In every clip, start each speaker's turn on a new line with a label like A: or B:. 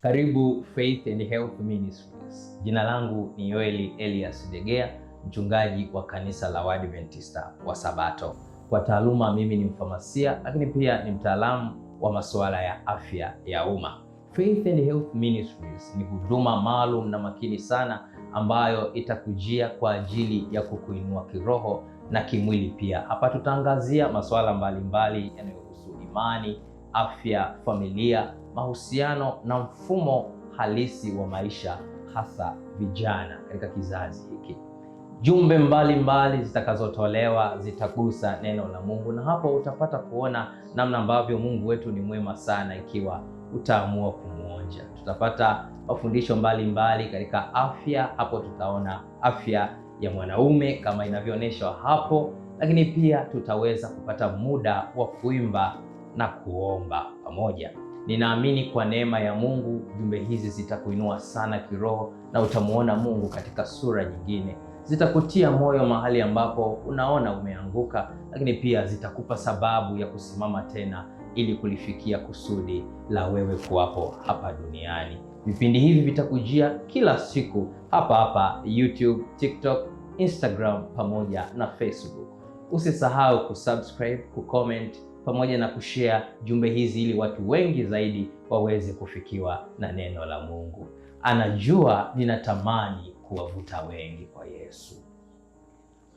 A: Karibu Faith and Health Ministries. Jina langu ni Yoeli Elias Degea, mchungaji wa kanisa la Waadventista wa Sabato. Kwa taaluma mimi ni mfamasia, lakini pia ni mtaalamu wa masuala ya afya ya umma. Faith and Health Ministries ni huduma maalum na makini sana ambayo itakujia kwa ajili ya kukuinua kiroho na kimwili pia. Hapa tutaangazia masuala mbalimbali yanayohusu imani afya, familia, mahusiano na mfumo halisi wa maisha, hasa vijana katika kizazi hiki. Jumbe mbalimbali zitakazotolewa zitagusa neno la Mungu, na hapo utapata kuona namna ambavyo Mungu wetu ni mwema sana ikiwa utaamua kumwonja. Tutapata mafundisho mbalimbali katika afya, hapo tutaona afya ya mwanaume kama inavyoonyeshwa hapo, lakini pia tutaweza kupata muda wa kuimba na kuomba pamoja. Ninaamini kwa neema ya Mungu jumbe hizi zitakuinua sana kiroho na utamwona Mungu katika sura nyingine. Zitakutia moyo mahali ambapo unaona umeanguka, lakini pia zitakupa sababu ya kusimama tena ili kulifikia kusudi la wewe kuwapo hapa duniani. Vipindi hivi vitakujia kila siku hapa hapa YouTube, TikTok, Instagram pamoja na Facebook. Usisahau kusubscribe, kucomment pamoja na kushare jumbe hizi ili watu wengi zaidi waweze kufikiwa na neno la Mungu. Anajua ninatamani kuwavuta wengi kwa Yesu.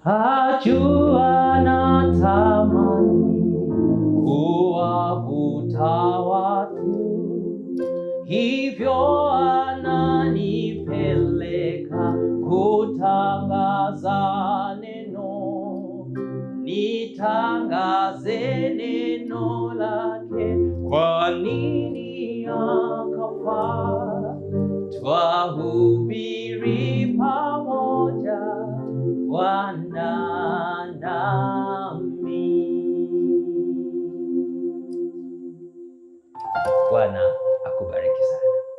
B: Ajua natamani kuwavuta watu, hivyo ananipeleka kutangaza litangaze neno lake. Kwa nini akafa? Twahubiri pamoja, Bwana nami.
A: Bwana akubariki sana.